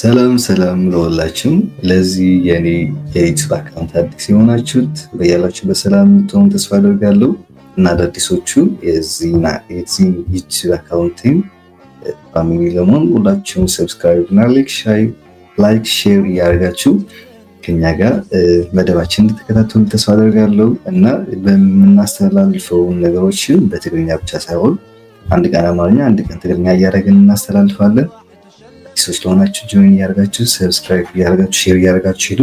ሰላም ሰላም ለሁላችሁም። ለዚህ የኔ የዩቲዩብ አካውንት አዲስ የሆናችሁት በያላችሁ በሰላም ትሆኑ ተስፋ አደርጋለሁ እና አዳዲሶቹ የዚህ ዩቲዩብ አካውንቴም ፋሚሊ ለመሆን ሁላችሁም ሰብስክራይብ እና ላይክ ሼር እያደረጋችሁ ከኛ ጋር መደባችን እንድትከታተሉ ተስፋ አደርጋለሁ እና በምናስተላልፈውን ነገሮችን በትግርኛ ብቻ ሳይሆን አንድ ቀን አማርኛ፣ አንድ ቀን ትግርኛ እያደረግን እናስተላልፋለን። ሰዎች ለሆናችሁ ጆይን እያደረጋችሁ ሰብስክራይብ እያደረጋችሁ ሼር እያደረጋችሁ ሄዱ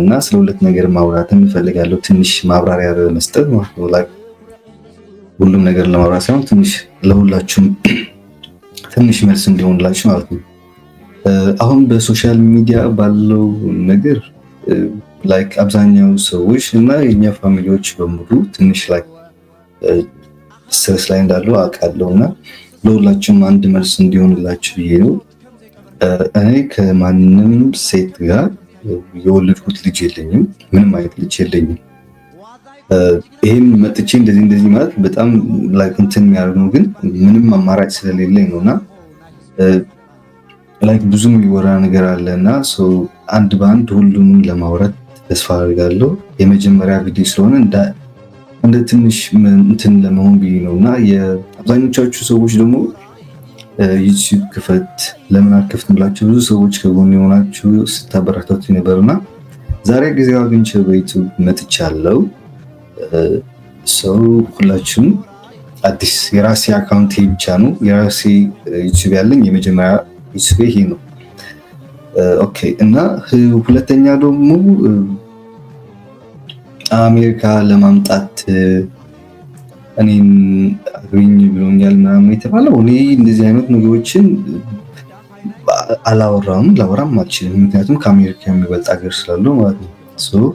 እና ስለ ሁለት ነገር ማውራት እንፈልጋለሁ። ትንሽ ማብራሪያ መስጠት ሁሉም ነገር ለማብራት ሳይሆን ትንሽ ለሁላችሁም ትንሽ መልስ እንዲሆንላችሁ ማለት ነው። አሁን በሶሻል ሚዲያ ባለው ነገር ላይክ አብዛኛው ሰዎች እና የኛ ፋሚሊዎች በሙሉ ትንሽ ላይ ስትረስ ላይ እንዳለው አውቃለሁ እና ለሁላችሁም አንድ መልስ እንዲሆንላችሁ ብዬ ነው። እኔ ከማንም ሴት ጋር የወለድኩት ልጅ የለኝም። ምንም አይነት ልጅ የለኝም። ይህም መጥቼ እንደዚህ እንደዚህ ማለት በጣም ላይክ እንትን የሚያደርግ ነው፣ ግን ምንም አማራጭ ስለሌለኝ ነው እና ላይክ ብዙ የሚወራ ነገር አለ እና አንድ በአንድ ሁሉንም ለማውራት ተስፋ አድርጋለሁ። የመጀመሪያ ቪዲዮ ስለሆነ እንደ ትንሽ እንትን ለመሆን ብዬ ነው እና የአብዛኞቻችሁ ሰዎች ደግሞ ዩቲዩብ ክፈት ለምን አልከፍት ብላችሁ ብዙ ሰዎች ከጎን የሆናችሁ ስታበረታቱ ነበር እና ዛሬ ጊዜው አግኝቼ በዩቲዩብ መጥቻለሁ። ሰው ሁላችሁም አዲስ የራሴ አካውንት ይሄ ብቻ ነው። የራሴ ዩቲዩብ ያለኝ የመጀመሪያ ዩቲዩብ ይሄ ነው። ኦኬ እና ሁለተኛ ደግሞ አሜሪካ ለማምጣት እኔም አግኝ ብሎኛል ምናምን የተባለው እኔ እንደዚህ አይነት ነገሮችን አላወራም ላወራም አልችልም። ምክንያቱም ከአሜሪካ የሚበልጥ ሀገር ስላለው ማለት ነው።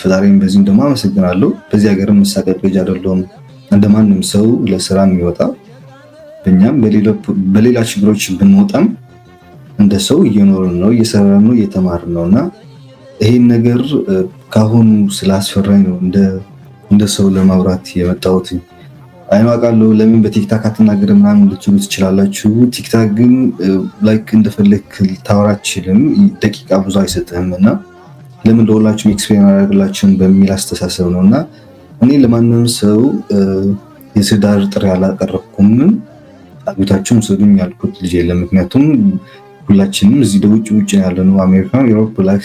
ፈጣሪም በዚህም ደግሞ አመሰግናለሁ። በዚህ ሀገር መሳቀቅ ልጅ አይደለሁም። እንደ ማንም ሰው ለስራ የሚወጣ በእኛም በሌላ ችግሮች ብንወጣም እንደ ሰው እየኖርን ነው፣ እየሰራን ነው፣ እየተማርን ነው እና ይሄን ነገር ካሁኑ ስላስፈራኝ ነው እንደ ሰው ለማውራት የመጣሁት። አውቃለሁ ለምን በቲክታክ አትናገር ምናምን ልትሉ ትችላላችሁ። ቲክታክ ግን ላይክ እንደፈለግ ታወራችልም ደቂቃ ብዙ አይሰጥህም እና ለምን ለሁላችሁም ኤክስፔሪን አደርግላችሁን በሚል አስተሳሰብ ነው እና እኔ ለማንም ሰው የትዳር ጥሪ አላቀረብኩም። አቤታችሁም ስዱኝ ያልኩት ልጅ የለም። ምክንያቱም ሁላችንም እዚህ ደውጭ ውጭ ያለ ነው። አሜሪካ፣ ዩሮፕ ላክ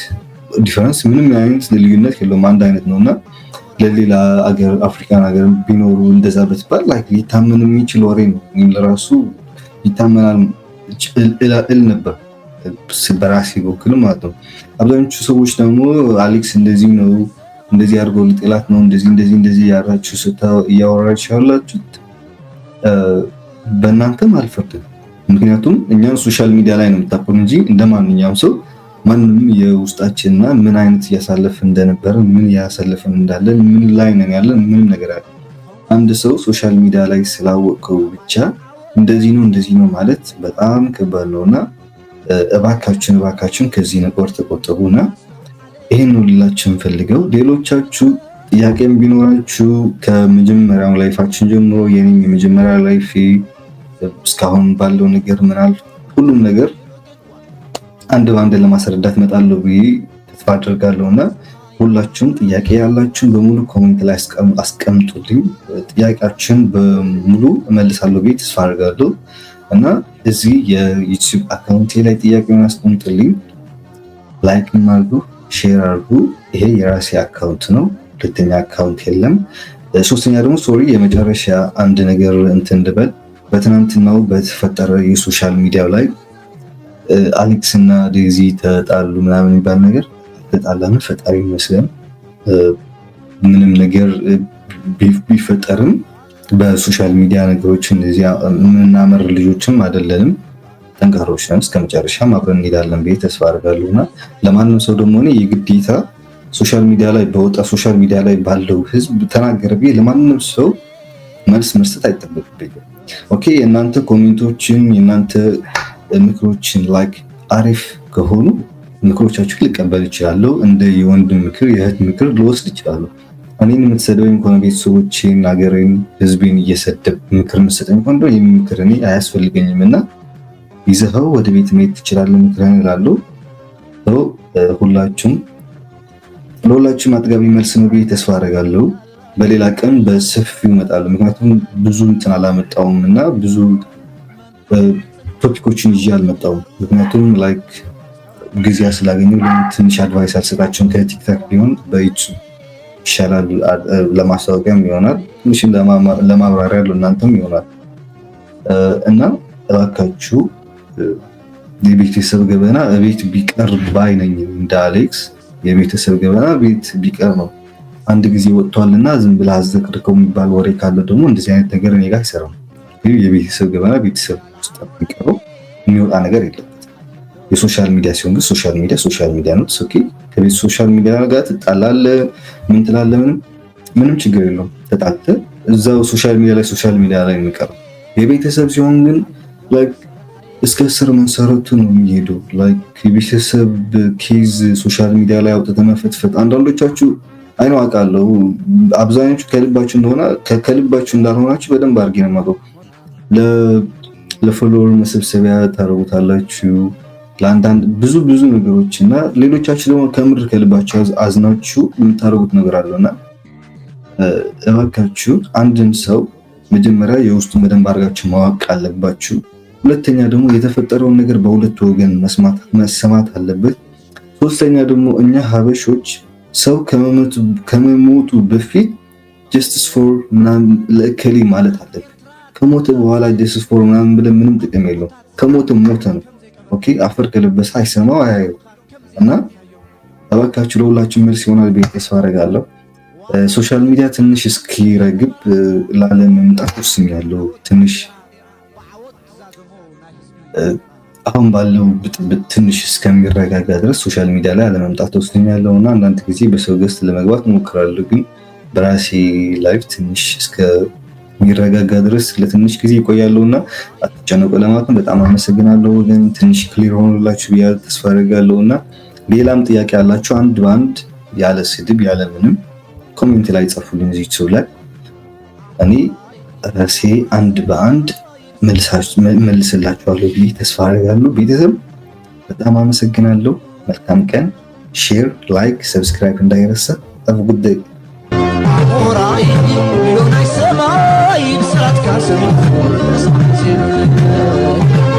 ዲፈረንስ ምንም አይነት ልዩነት የለውም፣ አንድ አይነት ነው እና ለሌላ አገር አፍሪካን ሀገር ቢኖሩ እንደዛ በትባል ብትባል ሊታመን የሚችል ወሬ ነው። ወይም ለራሱ ይታመናል እል ነበር በራሴ በኩል ማለት ነው። አብዛኞቹ ሰዎች ደግሞ አሌክስ እንደዚህ ነው እንደዚህ አድርጎ ሊጥላት ነው እንደዚህ እንደዚህ እንደዚህ ያራችሁ ስታው እያወራችሁ ያላችሁት በእናንተም አልፈርድም። ምክንያቱም እኛ ሶሻል ሚዲያ ላይ ነው የምታቆም እንጂ እንደ ማንኛውም ሰው ማንም የውስጣችንና ምን አይነት እያሳለፍ እንደነበረ ምን እያሳለፍን እንዳለን ምን ላይ ነን ያለን ምንም ነገር አለ። አንድ ሰው ሶሻል ሚዲያ ላይ ስላወቀው ብቻ እንደዚህ ነው እንደዚህ ነው ማለት በጣም ከባድ ነው እና እባካችን እባካችን ከዚህ ነገር ተቆጠቡና ይህን ሁላችሁ እንፈልገው። ሌሎቻችሁ ጥያቄም ቢኖራችሁ ከመጀመሪያው ላይፋችን ጀምሮ የኔም የመጀመሪያ ላይፍ እስካሁን ባለው ነገር ምናል ሁሉም ነገር አንድ በአንድ ለማስረዳት እመጣለሁ ብዬ ተስፋ አድርጋለሁ እና ሁላችሁም ጥያቄ ያላችሁን በሙሉ ኮሜንት ላይ አስቀምጡልኝ። ጥያቄያችን በሙሉ እመልሳለሁ ብዬ ተስፋ አድርጋለሁ እና እዚህ የዩቲዩብ አካውንቴ ላይ ጥያቄውን አስቀምጡልኝ። ላይክ አድርጉ። ሼር አድርጉ። ይሄ የራሴ አካውንት ነው፣ ሁለተኛ አካውንት የለም። ሶስተኛ ደግሞ ሶሪ የመጨረሻ አንድ ነገር እንትን በትናንትናው በተፈጠረ የሶሻል ሚዲያ ላይ አሌክስ እና ዴዚ ተጣሉ ምናምን የሚባል ነገር ተጣላን። ፈጣሪ ይመስገን ምንም ነገር ቢፈጠርም በሶሻል ሚዲያ ነገሮች እንደዚያ የምናመር ልጆችም አይደለንም። ጠንካሮች ነን፣ እስከ መጨረሻም አብረን እንሄዳለን ብዬ ተስፋ አድርጋለሁ እና ለማንም ሰው ደግሞ እኔ የግዴታ ሶሻል ሚዲያ ላይ በወጣ ሶሻል ሚዲያ ላይ ባለው ህዝብ ተናገረ ብዬ ለማንም ሰው መልስ መስጠት አይጠበቅብኝም። ኦኬ የእናንተ ኮሜንቶችን የእናንተ ምክሮችን ላይክ አሪፍ ከሆኑ ምክሮቻችሁ ልቀበል ይችላለሁ። እንደ የወንድ ምክር የእህት ምክር ልወስድ ይችላሉ። እኔን የምትሰደበኝ ከሆነ ቤተሰቦቼን፣ ሀገሬን፣ ህዝቤን እየሰደብ ምክር የምትሰጠኝ ከሆነ ይህ ምክር እኔ አያስፈልገኝም እና ይዘኸው ወደ ቤት መሄድ ትችላለህ ምክረን ይላሉ። ሁላችሁም ለሁላችሁም አጥጋቢ መልስ ነው ብዬ ተስፋ አደርጋለሁ። በሌላ ቀን በሰፊው እመጣለሁ። ምክንያቱም ብዙ እንትን አላመጣውም እና ብዙ ቶፒኮችን ይዤ አልመጣውም። ምክንያቱም ላይክ ጊዜ ስላገኘው ትንሽ አድቫይስ አልሰጣችሁም። ከቲክታክ ቢሆን በይጹ ይሻላል። ለማስታወቂያም ይሆናል፣ ትንሽ ለማብራሪያ ለእናንተም ይሆናል እና እባካችሁ የቤተሰብ ገበና ቤት ቢቀር ባይ ነኝ። እንደ አሌክስ የቤተሰብ ገበና ቤት ቢቀር ነው። አንድ ጊዜ ወጥቷልና ዝም ብላ አዘቅርከው የሚባል ወሬ ካለ ደግሞ እንደዚህ አይነት ነገር እኔ ጋር አይሰራም። የቤተሰብ ገበና ቤተሰብ ውስጥ የሚቀረው የሚወጣ ነገር የለበት። የሶሻል ሚዲያ ሲሆን ግን ሶሻል ሚዲያ ሶሻል ሚዲያ ነው። ኦኬ ከቤት ሶሻል ሚዲያ ጋር ትጣላለ፣ ምን ትላለ፣ ምንም ምንም ችግር የለውም። ተጣልተህ እዛው ሶሻል ሚዲያ ላይ ሶሻል ሚዲያ ላይ የሚቀረው የቤተሰብ ሲሆን ግን እስከ ስር መሰረቱ ነው የሚሄደው። የቤተሰብ ኬዝ ሶሻል ሚዲያ ላይ አውጥተ መፈትፈት አንዳንዶቻችሁ አይኖ አውቃለሁ። አብዛኞቹ ከልባችሁ እንደሆነ ከልባችሁ እንዳልሆናችሁ በደንብ አድርጌ ነው የማውቀው። ለፎሎወር መሰብሰቢያ ታደርጉታላችሁ ለአንዳንድ ብዙ ብዙ ነገሮች እና ሌሎቻችሁ ደግሞ ከምድር ከልባችሁ አዝናችሁ የምታደርጉት ነገር አለውና እባካችሁ አንድን ሰው መጀመሪያ የውስጡን በደንብ አድርጋችሁ ማወቅ አለባችሁ። ሁለተኛ ደግሞ የተፈጠረውን ነገር በሁለቱ ወገን መሰማት አለበት። ሶስተኛ ደግሞ እኛ ሀበሾች ሰው ከመሞቱ በፊት ጀስትስ ፎር ምናምን ለእከሌ ማለት አለብን። ከሞተ በኋላ ጀስትስ ፎር ምናምን ብለን ምንም ጥቅም የለውም። ከሞተ ሞተ ነው። ኦኬ አፈር ከለበሰ አይሰማው አያየው እና እባካችሁ ለሁላችን መልስ ይሆናል ብዬ ተስፋ አደርጋለሁ። ሶሻል ሚዲያ ትንሽ እስኪረግብ ላለመምጣት ወስኛለሁ ትንሽ አሁን ባለው ብጥብጥ ትንሽ እስከሚረጋጋ ድረስ ሶሻል ሚዲያ ላይ አለመምጣት ወስኛለሁ እና አንዳንድ ጊዜ በሰው ገስት ለመግባት እሞክራለሁ። ግን በራሴ ላይፍ ትንሽ እስከሚረጋጋ ድረስ ለትንሽ ጊዜ ይቆያለሁ እና አትጨነቁ። ለማለት በጣም አመሰግናለሁ ወገን። ትንሽ ክሊር ሆኖላችሁ ብያ ተስፋ አደርጋለሁ እና ሌላም ጥያቄ ያላችሁ አንድ በአንድ ያለ ስድብ ያለ ምንም ኮሜንት ላይ ጻፉልኝ እዚህ ላይ እኔ ራሴ አንድ በአንድ መልስላችኋለሁ ብዬ ተስፋ አደርጋለሁ። ቤተሰብ በጣም አመሰግናለሁ። መልካም ቀን። ሼር፣ ላይክ፣ ሰብስክራይብ እንዳይረሳ። ጠፍ ጉዳይ ሰማይ